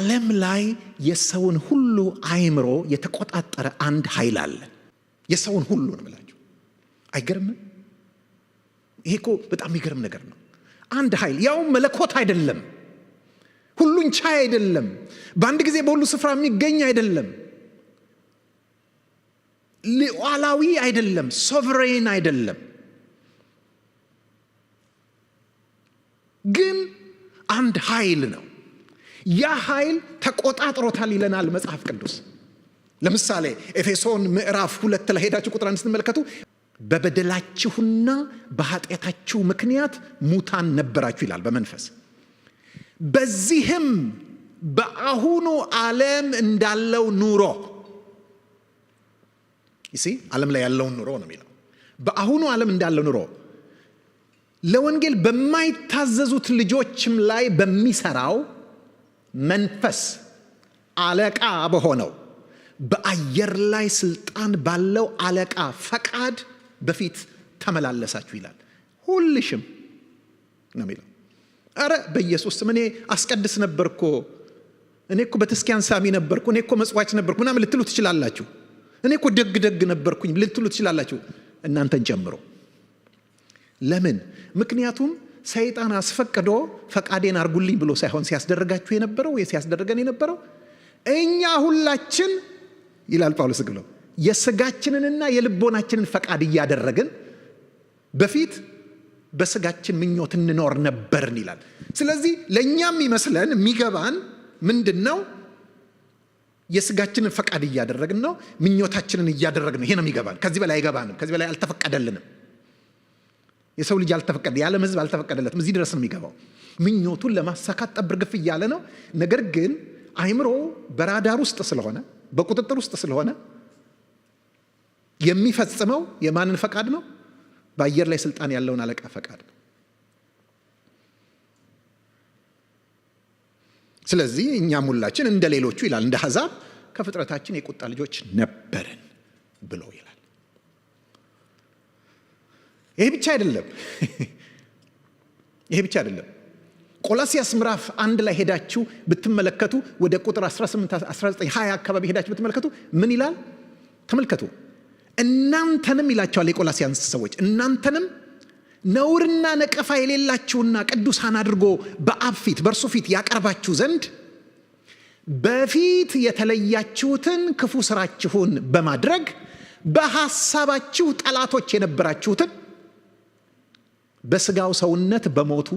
ዓለም ላይ የሰውን ሁሉ አእምሮ የተቆጣጠረ አንድ ኃይል አለ። የሰውን ሁሉ ነው የምላቸው። አይገርምም? ይሄ እኮ በጣም የሚገርም ነገር ነው። አንድ ኃይል ያውም መለኮት አይደለም፣ ሁሉን ቻይ አይደለም፣ በአንድ ጊዜ በሁሉ ስፍራ የሚገኝ አይደለም፣ ሉዓላዊ አይደለም፣ ሶቨሬን አይደለም። ግን አንድ ኃይል ነው ያ ኃይል ተቆጣጥሮታል ይለናል መጽሐፍ ቅዱስ። ለምሳሌ ኤፌሶን ምዕራፍ ሁለት ላይ ሄዳችሁ ቁጥር አንድ ስትመለከቱ በበደላችሁና በኃጢአታችሁ ምክንያት ሙታን ነበራችሁ ይላል በመንፈስ በዚህም በአሁኑ ዓለም እንዳለው ኑሮ ይሲ ዓለም ላይ ያለውን ኑሮ ነው የሚለው። በአሁኑ ዓለም እንዳለው ኑሮ ለወንጌል በማይታዘዙት ልጆችም ላይ በሚሰራው መንፈስ አለቃ በሆነው በአየር ላይ ስልጣን ባለው አለቃ ፈቃድ በፊት ተመላለሳችሁ ይላል። ሁልሽም ነው የሚለው። አረ በኢየሱስ ስም እኔ አስቀድስ ነበርኮ፣ እኔ እኮ በተስኪያን ሳሚ ነበርኩ፣ እኔ እኮ መጽዋች ነበርኩ ምናምን ልትሉ ትችላላችሁ። እኔ እኮ ደግ ደግ ነበርኩኝ ልትሉ ትችላላችሁ፣ እናንተን ጨምሮ። ለምን? ምክንያቱም ሰይጣን አስፈቅዶ ፈቃዴን አርጉልኝ ብሎ ሳይሆን ሲያስደረጋችሁ የነበረው ወይ ሲያስደረገን የነበረው እኛ ሁላችን ይላል ጳውሎስ ግሎ የስጋችንንና የልቦናችንን ፈቃድ እያደረግን በፊት በስጋችን ምኞት እንኖር ነበርን ይላል። ስለዚህ ለእኛም ይመስለን የሚገባን ምንድን ነው? የስጋችንን ፈቃድ እያደረግን ነው፣ ምኞታችንን እያደረግን ነው። ይሄ ነው የሚገባን። ከዚህ በላይ አይገባንም። ከዚህ በላይ አልተፈቀደልንም። የሰው ልጅ አልተፈቀደ ያለም ህዝብ አልተፈቀደለትም። እዚህ ድረስ ነው የሚገባው። ምኞቱን ለማሳካት ጠብር ግፍ እያለ ነው። ነገር ግን አይምሮ በራዳር ውስጥ ስለሆነ በቁጥጥር ውስጥ ስለሆነ የሚፈጽመው የማንን ፈቃድ ነው? በአየር ላይ ስልጣን ያለውን አለቃ ፈቃድ ነው። ስለዚህ እኛም ሁላችን እንደ ሌሎቹ ይላል እንደ አሕዛብ ከፍጥረታችን የቁጣ ልጆች ነበርን ብሎ ይላል። ይሄ ብቻ አይደለም። ይሄ ብቻ አይደለም። ቆላሲያስ ምራፍ አንድ ላይ ሄዳችሁ ብትመለከቱ ወደ ቁጥር 18፣ 20 አካባቢ ሄዳችሁ ብትመለከቱ ምን ይላል ተመልከቱ። እናንተንም ይላቸዋል የቆላሲያንስ ሰዎች እናንተንም ነውርና ነቀፋ የሌላችሁና ቅዱሳን አድርጎ በአብ ፊት በእርሱ ፊት ያቀርባችሁ ዘንድ በፊት የተለያችሁትን ክፉ ስራችሁን በማድረግ በሐሳባችሁ ጠላቶች የነበራችሁትን በስጋው ሰውነት በሞቱ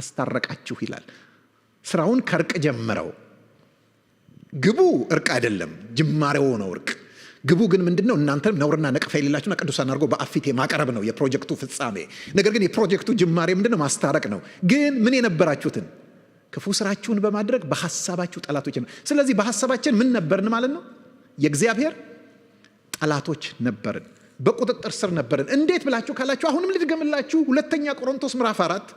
አስታረቃችሁ ይላል። ስራውን ከእርቅ ጀምረው ግቡ እርቅ አይደለም ጅማሬው ነው እርቅ። ግቡ ግን ምንድን ነው? እናንተ ነውርና ነቀፋ የሌላችሁና ቅዱሳን አድርጎ በአፊቴ ማቅረብ ነው የፕሮጀክቱ ፍጻሜ። ነገር ግን የፕሮጀክቱ ጅማሬ ምንድን ነው? ማስታረቅ ነው። ግን ምን የነበራችሁትን ክፉ ስራችሁን በማድረግ በሀሳባችሁ ጠላቶች ነው። ስለዚህ በሀሳባችን ምን ነበርን ማለት ነው? የእግዚአብሔር ጠላቶች ነበርን። በቁጥጥር ስር ነበርን። እንዴት ብላችሁ ካላችሁ አሁንም ልድገምላችሁ። ሁለተኛ ቆሮንቶስ ምዕራፍ አራት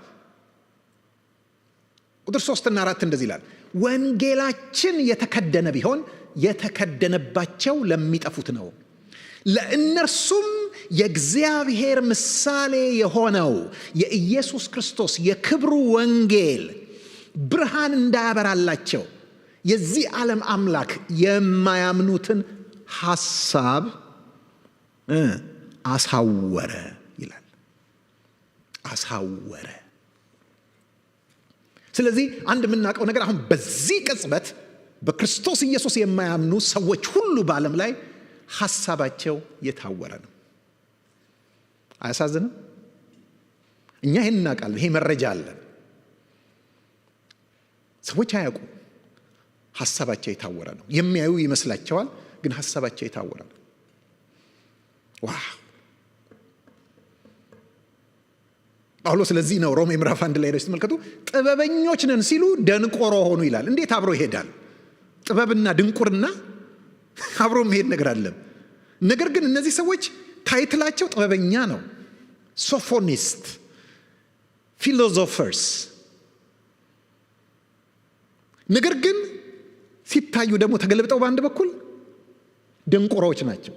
ቁጥር ሶስትና አራት እንደዚህ ይላል፣ ወንጌላችን የተከደነ ቢሆን የተከደነባቸው ለሚጠፉት ነው፣ ለእነርሱም የእግዚአብሔር ምሳሌ የሆነው የኢየሱስ ክርስቶስ የክብሩ ወንጌል ብርሃን እንዳያበራላቸው የዚህ ዓለም አምላክ የማያምኑትን ሐሳብ አሳወረ ይላል። አሳወረ። ስለዚህ አንድ የምናውቀው ነገር አሁን በዚህ ቅጽበት በክርስቶስ ኢየሱስ የማያምኑ ሰዎች ሁሉ በዓለም ላይ ሀሳባቸው የታወረ ነው። አያሳዝንም? እኛ ይህን እናውቃለን። ይሄ መረጃ አለን። ሰዎች አያውቁም። ሀሳባቸው የታወረ ነው። የሚያዩ ይመስላቸዋል፣ ግን ሀሳባቸው የታወረ ነው። ዋ ጳውሎስ ለዚህ ነው ሮሜ ምዕራፍ አንድ ላይ ሄዳችሁ ስትመልከቱ ጥበበኞች ነን ሲሉ ደንቆሮ ሆኑ ይላል። እንዴት አብሮ ይሄዳል? ጥበብና ድንቁርና አብሮ መሄድ ነገር አለም። ነገር ግን እነዚህ ሰዎች ታይትላቸው ጥበበኛ ነው፣ ሶፎኒስት፣ ፊሎዞፈርስ። ነገር ግን ሲታዩ ደግሞ ተገልብጠው በአንድ በኩል ደንቆሮዎች ናቸው።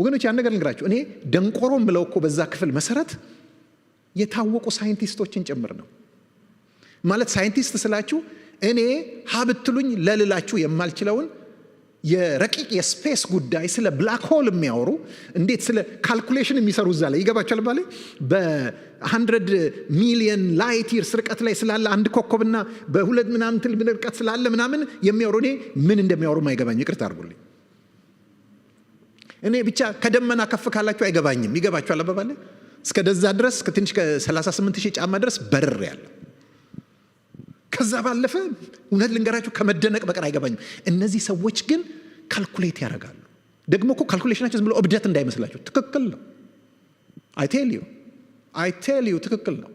ወገኖች ያን ነገር ልንገራቸው። እኔ ደንቆሮም ብለው እኮ በዛ ክፍል መሰረት የታወቁ ሳይንቲስቶችን ጭምር ነው ማለት። ሳይንቲስት ስላችሁ እኔ ሀብትሉኝ ለልላችሁ የማልችለውን የረቂቅ የስፔስ ጉዳይ ስለ ብላክ ሆል የሚያወሩ እንዴት ስለ ካልኩሌሽን የሚሰሩ እዛ ላይ ይገባቸዋል። ባለ በ100 ሚሊየን ላይት ይርስ ርቀት ላይ ስላለ አንድ ኮከብና በሁለት ምናምን ትል ርቀት ስላለ ምናምን የሚያወሩ እኔ ምን እንደሚያወሩ ማይገባኝ ቅርት አርጉልኝ እኔ ብቻ ከደመና ከፍ ካላችሁ አይገባኝም። ይገባችኋል አባባል እስከደዛ ድረስ ትንሽ ከ38 ሺህ ጫማ ድረስ በርር ያለ ከዛ ባለፈ እውነት ልንገራችሁ ከመደነቅ በቀር አይገባኝም። እነዚህ ሰዎች ግን ካልኩሌት ያደርጋሉ። ደግሞ እኮ ካልኩሌሽናቸው ዝም ብሎ እብደት እንዳይመስላችሁ ትክክል ነው። አይቴል ዩ ትክክል ነው።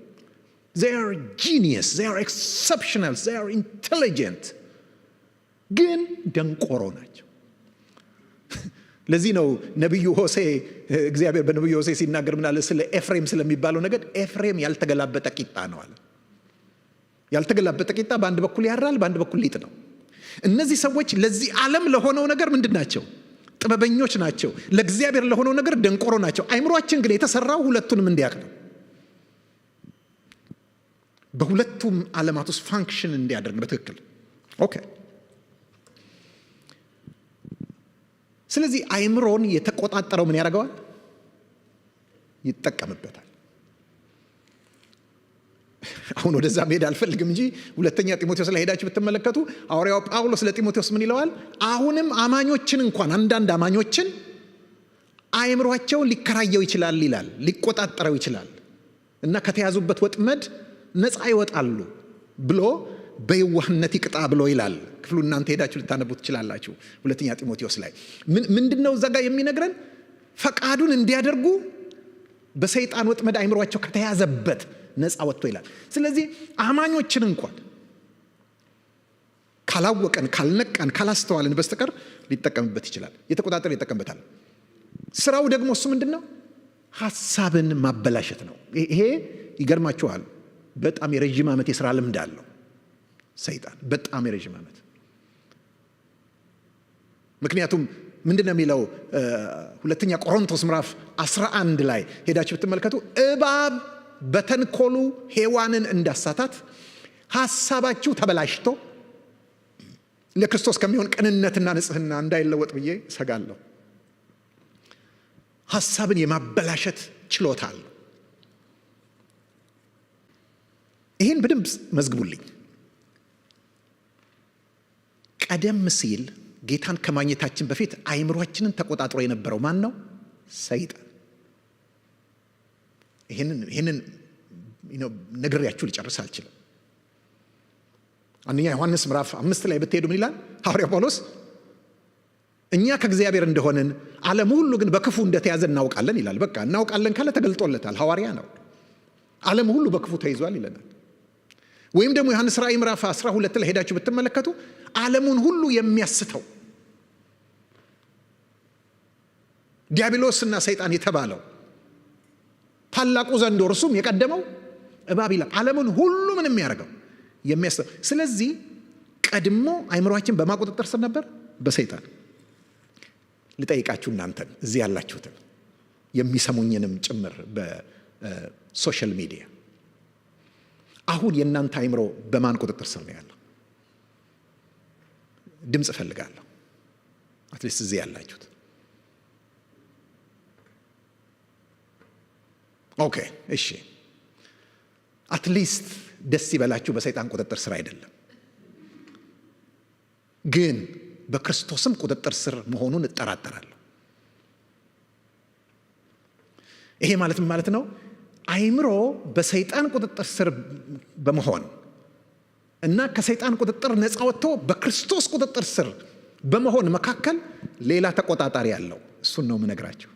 ዜር ጂኒየስ ዜር ኤክሰፕሽናል ዜር ኢንቴሊጀንት ግን ደንቆሮ ናቸው። ለዚህ ነው ነቢዩ ሆሴ እግዚአብሔር በነቢዩ ሆሴ ሲናገር ምናለ ስለ ኤፍሬም ስለሚባለው ነገድ ኤፍሬም ያልተገላበጠ ቂጣ ነው አለ። ያልተገላበጠ ቂጣ በአንድ በኩል ያራል፣ በአንድ በኩል ሊጥ ነው። እነዚህ ሰዎች ለዚህ ዓለም ለሆነው ነገር ምንድን ናቸው? ጥበበኞች ናቸው። ለእግዚአብሔር ለሆነው ነገር ደንቆሮ ናቸው። አይምሯችን ግን የተሰራው ሁለቱንም እንዲያቅ ነው። በሁለቱም ዓለማት ውስጥ ፋንክሽን እንዲያደርግ በትክክል ኦኬ ስለዚህ አይምሮን የተቆጣጠረው ምን ያደርገዋል? ይጠቀምበታል። አሁን ወደዛ መሄድ አልፈልግም እንጂ ሁለተኛ ጢሞቴዎስ ላይ ሄዳችሁ ብትመለከቱ ሐዋርያው ጳውሎስ ለጢሞቴዎስ ምን ይለዋል? አሁንም አማኞችን እንኳን አንዳንድ አማኞችን አይምሯቸው ሊከራየው ይችላል ይላል፣ ሊቆጣጠረው ይችላል እና ከተያዙበት ወጥመድ ነፃ ይወጣሉ ብሎ በየዋህነት ይቅጣ ብሎ ይላል ክፍሉ። እናንተ ሄዳችሁ ልታነቡ ትችላላችሁ። ሁለተኛ ጢሞቴዎስ ላይ ምንድን ነው እዛ ጋር የሚነግረን? ፈቃዱን እንዲያደርጉ በሰይጣን ወጥመድ አይምሯቸው ከተያዘበት ነፃ ወጥቶ ይላል። ስለዚህ አማኞችን እንኳን ካላወቀን ካልነቃን ካላስተዋልን በስተቀር ሊጠቀምበት ይችላል። የተቆጣጠረ ይጠቀምበታል። ስራው ደግሞ እሱ ምንድን ነው? ሀሳብን ማበላሸት ነው። ይሄ ይገርማችኋል፣ በጣም የረዥም ዓመት የስራ ልምድ አለው። ሰይጣን በጣም የረዥም ዓመት ምክንያቱም ምንድን ነው የሚለው ሁለተኛ ቆሮንቶስ ምዕራፍ 11 ላይ ሄዳችሁ ብትመልከቱ እባብ በተንኮሉ ሔዋንን እንዳሳታት ሀሳባችሁ ተበላሽቶ ለክርስቶስ ከሚሆን ቅንነትና ንጽህና እንዳይለወጥ ብዬ ሰጋለሁ። ሀሳብን የማበላሸት ችሎታ አለ ይህን በደንብ መዝግቡልኝ። ቀደም ሲል ጌታን ከማግኘታችን በፊት አይምሯችንን ተቆጣጥሮ የነበረው ማን ነው? ሰይጣን። ይህንን ነግሬያችሁ ሊጨርስ አልችልም። አንደኛ ዮሐንስ ምዕራፍ አምስት ላይ ብትሄዱ ምን ይላል ሐዋርያው ጳውሎስ? እኛ ከእግዚአብሔር እንደሆንን ዓለም ሁሉ ግን በክፉ እንደተያዘ እናውቃለን ይላል። በቃ እናውቃለን ካለ ተገልጦለታል፣ ሐዋርያ ነው። ዓለም ሁሉ በክፉ ተይዟል ይለናል። ወይም ደግሞ ዮሐንስ ራእይ ምዕራፍ 12 ላይ ሄዳችሁ ብትመለከቱ ዓለሙን ሁሉ የሚያስተው ዲያብሎስና ሰይጣን የተባለው ታላቁ ዘንዶ እርሱም የቀደመው እባብ ይላል። ዓለሙን ሁሉ ምን የሚያደርገው የሚያስተው። ስለዚህ ቀድሞ አይምሯችን በማቆጣጠር ስር ነበር በሰይጣን ልጠይቃችሁ እናንተን እዚህ ያላችሁትን የሚሰሙኝንም ጭምር በሶሻል ሚዲያ አሁን የእናንተ አይምሮ በማን ቁጥጥር ስር ነው ያለው? ድምፅ እፈልጋለሁ። አትሊስት እዚህ ያላችሁት ኦኬ፣ እሺ፣ አትሊስት ደስ ይበላችሁ። በሰይጣን ቁጥጥር ስር አይደለም፣ ግን በክርስቶስም ቁጥጥር ስር መሆኑን እጠራጠራለሁ። ይሄ ማለት ምን ማለት ነው? አይምሮ በሰይጣን ቁጥጥር ስር በመሆን እና ከሰይጣን ቁጥጥር ነፃ ወጥቶ በክርስቶስ ቁጥጥር ስር በመሆን መካከል ሌላ ተቆጣጣሪ ያለው እሱን ነው የምነግራችሁ።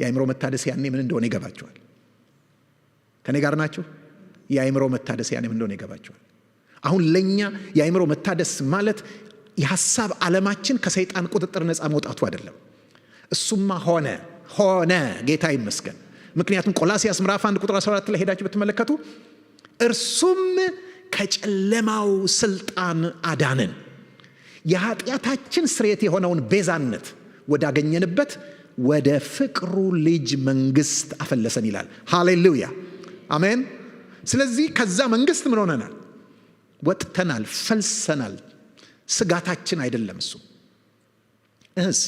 የአይምሮ መታደስ ያኔ ምን እንደሆነ ይገባችኋል። ከኔ ጋር ናችሁ? የአይምሮ መታደስ ያኔ ምን እንደሆነ ይገባችኋል። አሁን ለእኛ የአእምሮ መታደስ ማለት የሀሳብ ዓለማችን ከሰይጣን ቁጥጥር ነፃ መውጣቱ አይደለም። እሱማ ሆነ ሆነ፣ ጌታ ይመስገን። ምክንያቱም ቆላሲያስ ምራፍ 1 ቁጥር 14 ላይ ሄዳችሁ ብትመለከቱ እርሱም ከጨለማው ስልጣን አዳነን የኃጢአታችን ስርየት የሆነውን ቤዛነት ወዳገኘንበት ወደ ፍቅሩ ልጅ መንግስት አፈለሰን ይላል። ሃሌሉያ አሜን። ስለዚህ ከዛ መንግስት ምን ሆነናል? ወጥተናል፣ ፈልሰናል። ስጋታችን አይደለም እሱ እህስ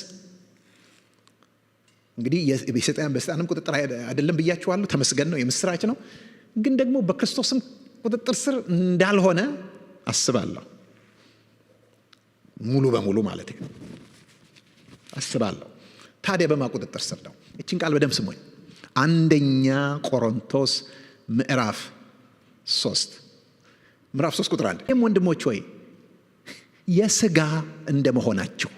እንግዲህ በሰይጣንም ቁጥጥር አይደለም ብያችኋለሁ። ተመስገን ነው፣ የምስራች ነው። ግን ደግሞ በክርስቶስም ቁጥጥር ስር እንዳልሆነ አስባለሁ። ሙሉ በሙሉ ማለት አስባለሁ። ታዲያ በማ ቁጥጥር ስር ነው? እችን ቃል በደም ስሙኝ። አንደኛ ቆሮንቶስ ምዕራፍ ሶስት ምዕራፍ ሶስት ቁጥር አንድ ይህም ወንድሞች ሆይ የስጋ እንደመሆናችሁ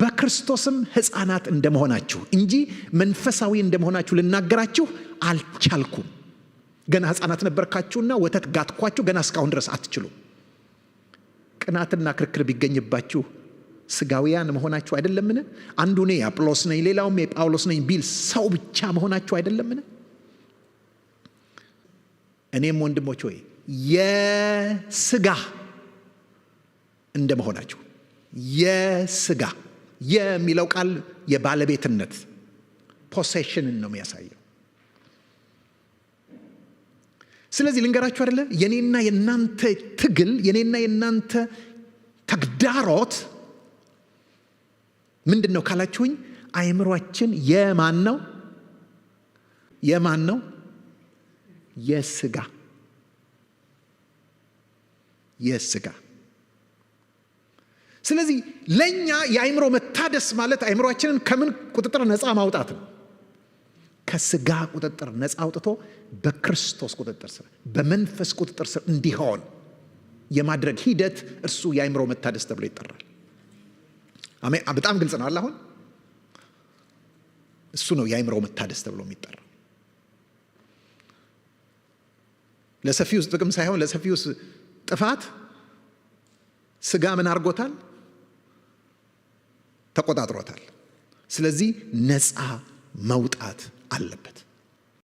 በክርስቶስም ሕፃናት እንደመሆናችሁ እንጂ መንፈሳዊ እንደመሆናችሁ ልናገራችሁ አልቻልኩም። ገና ሕፃናት ነበርካችሁና ወተት ጋትኳችሁ፣ ገና እስካሁን ድረስ አትችሉም። ቅናትና ክርክር ቢገኝባችሁ ስጋውያን መሆናችሁ አይደለምን? አንዱ እኔ የአጵሎስ ነኝ ሌላውም የጳውሎስ ነኝ ቢል ሰው ብቻ መሆናችሁ አይደለምን? እኔም ወንድሞች ሆይ የስጋ እንደመሆናችሁ የስጋ የሚለው ቃል የባለቤትነት ፖሴሽንን ነው የሚያሳየው። ስለዚህ ልንገራችሁ አደለ የኔና የእናንተ ትግል የኔና የእናንተ ተግዳሮት ምንድን ነው ካላችሁኝ፣ አይምሯችን የማን ነው? የማን ነው? የስጋ የስጋ ስለዚህ ለእኛ የአእምሮ መታደስ ማለት አይምሮችንን ከምን ቁጥጥር ነፃ ማውጣት ነው? ከስጋ ቁጥጥር ነፃ አውጥቶ በክርስቶስ ቁጥጥር ስር በመንፈስ ቁጥጥር ስር እንዲሆን የማድረግ ሂደት እርሱ የአይምሮ መታደስ ተብሎ ይጠራል። በጣም ግልጽ ነው አለ። አሁን እሱ ነው የአይምሮ መታደስ ተብሎ የሚጠራ ለሰፊው ጥቅም ሳይሆን ለሰፊው ጥፋት ስጋ ምን አድርጎታል? ተቆጣጥሮታል። ስለዚህ ነፃ መውጣት አለበት።